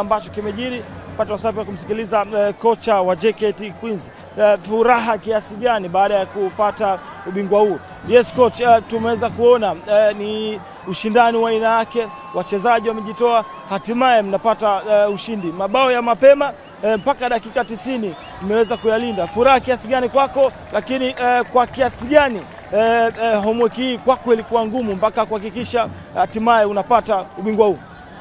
ambacho kimejiri pata wasapi wa kumsikiliza uh, kocha wa JKT Queens uh, furaha kiasi gani baada ya kupata ubingwa huu. Yes coach, uh, tumeweza kuona uh, ni ushindani wa aina yake, wachezaji wamejitoa, hatimaye mnapata uh, ushindi, mabao ya mapema mpaka uh, dakika tisini mmeweza kuyalinda. Furaha kiasi gani kwako, lakini uh, kwa kiasi gani uh, uh, homework hii kwako ilikuwa ngumu mpaka kuhakikisha hatimaye unapata ubingwa huu?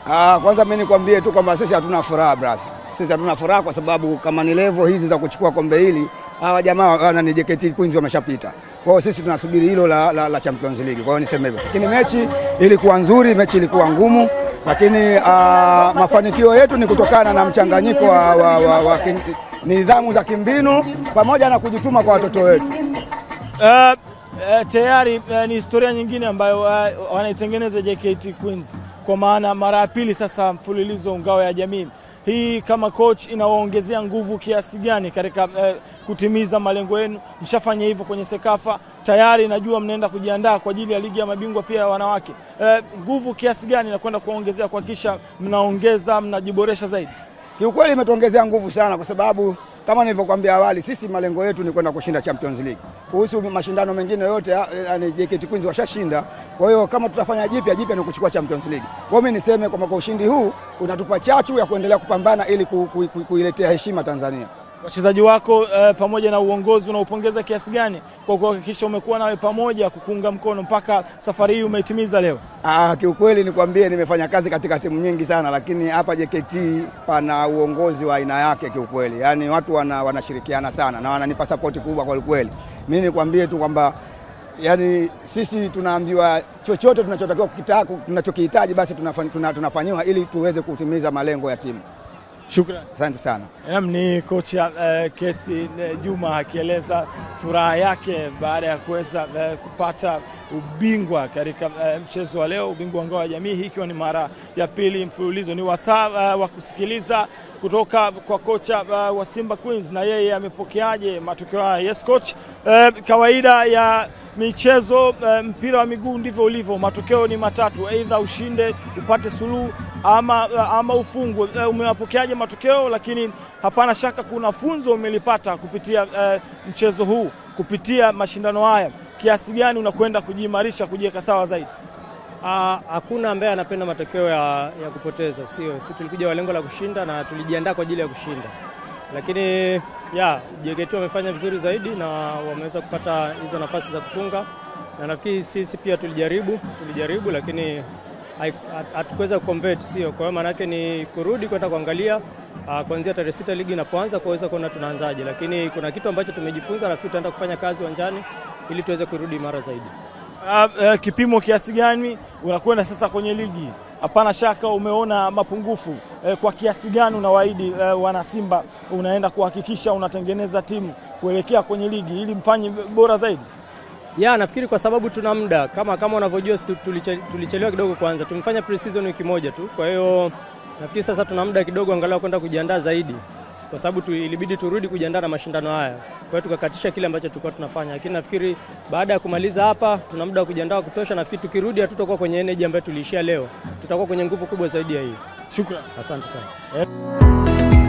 Ah, kwanza mimi nikwambie tu kwamba sisi hatuna furaha brasa, sisi hatuna furaha kwa sababu kama ni levo hizi za kuchukua kombe hili hawa jamaa wana ni JKT Queens wameshapita. Kwa hiyo sisi tunasubiri hilo la, la, la Champions League. Kwa hiyo niseme hivyo, lakini mechi ilikuwa nzuri, mechi ilikuwa ngumu, lakini aa, ah, mafanikio yetu ni kutokana na mchanganyiko wa, wa, wa, wa kin, nidhamu za kimbinu pamoja na kujituma kwa watoto wetu. Uh, uh, tayari uh, ni historia nyingine ambayo uh, wanaitengeneza JKT Queens kwa maana mara ya pili sasa mfululizo ngao ya jamii hii kama coach inawaongezea nguvu kiasi gani katika eh, kutimiza malengo yenu? Mshafanya hivyo kwenye Sekafa tayari, najua mnaenda kujiandaa kwa ajili ya ligi ya mabingwa pia ya wanawake. Eh, nguvu kiasi gani inakwenda kuwaongezea kuhakikisha mnaongeza mnajiboresha zaidi? Kiukweli imetuongezea nguvu sana, kwa sababu kama nilivyokuambia awali, sisi malengo yetu ni kwenda kushinda Champions League kuhusu mashindano mengine yote yani JKT Queens washashinda. Kwa hiyo kama tutafanya jipya jipya ni kuchukua Champions League. Kwa hiyo mimi niseme kwamba kwa ushindi huu unatupa chachu ya kuendelea kupambana ili kuiletea ku, ku, ku heshima Tanzania wachezaji wako uh, pamoja na uongozi unaupongeza kiasi gani kwa kuhakikisha umekuwa nawe pamoja kukuunga mkono mpaka safari hii umeitimiza leo? Ah, kiukweli nikwambie, nimefanya kazi katika timu nyingi sana, lakini hapa JKT pana uongozi wa aina yake kiukweli, yaani watu wana, wanashirikiana sana na wananipa sapoti kubwa kwa kweli. Mimi nikwambie tu kwamba yaani sisi tunaambiwa chochote tunachotakiwa kukitaka tunachokihitaji basi tunafanyiwa ili tuweze kutimiza malengo ya timu. Shukrani, asante sana. Naam, ni kocha uh, eh, Kesi eh, Juma akieleza furaha yake baada ya kuweza uh, kupata ubingwa katika uh, mchezo wa leo, ubingwa wa ngao ya jamii, hii ikiwa ni mara ya pili mfululizo. Ni wasaa uh, eh, wa kusikiliza kutoka kwa kocha uh, wa Simba Queens, na yeye amepokeaje matokeo haya? Yes coach. Uh, kawaida ya michezo uh, mpira wa miguu ndivyo ulivyo, matokeo ni matatu, aidha ushinde, upate suluhu ama, uh, ama ufungwe. Uh, umewapokeaje matokeo? Lakini hapana shaka kuna funzo umelipata kupitia uh, mchezo huu, kupitia mashindano haya kiasi gani unakwenda kujiimarisha kujiweka sawa zaidi? Aa, ah, Hakuna ambaye anapenda matokeo ya, ya kupoteza, sio si. Tulikuja kwa lengo la kushinda na tulijiandaa kwa ajili ya kushinda, lakini ya JKT wamefanya vizuri zaidi na wameweza kupata hizo nafasi za kufunga, na nafikiri sisi pia tulijaribu, tulijaribu lakini hatukuweza convert, sio. Kwa maana yake ni kurudi kwenda kuangalia ah, kuanzia tarehe sita ligi inapoanza kuweza kuona tunaanzaje, lakini kuna kitu ambacho tumejifunza, nafikiri tutaenda kufanya kazi uwanjani ili tuweze kurudi imara zaidi. Uh, uh, kipimo kiasi gani unakwenda sasa kwenye ligi? Hapana shaka umeona mapungufu uh, kwa kiasi gani unawaahidi uh, eh, wanasimba unaenda kuhakikisha unatengeneza timu kuelekea kwenye ligi ili mfanye bora zaidi? Ya, nafikiri kwa sababu tuna muda kama kama unavyojua tuliche, tulichelewa kidogo kwanza. Tumefanya pre-season wiki moja tu, kwa hiyo nafikiri sasa tuna muda kidogo angalau kwenda kujiandaa zaidi kwa sababu tu, ilibidi turudi kujiandaa na mashindano haya. Kwa hiyo tukakatisha kile ambacho tulikuwa tunafanya, lakini nafikiri baada ya kumaliza hapa tuna muda wa kujiandaa kutosha. Nafikiri tukirudi hatutakuwa kwenye energy ambayo tuliishia leo, tutakuwa kwenye nguvu kubwa zaidi ya hii. Shukrani, asante sana.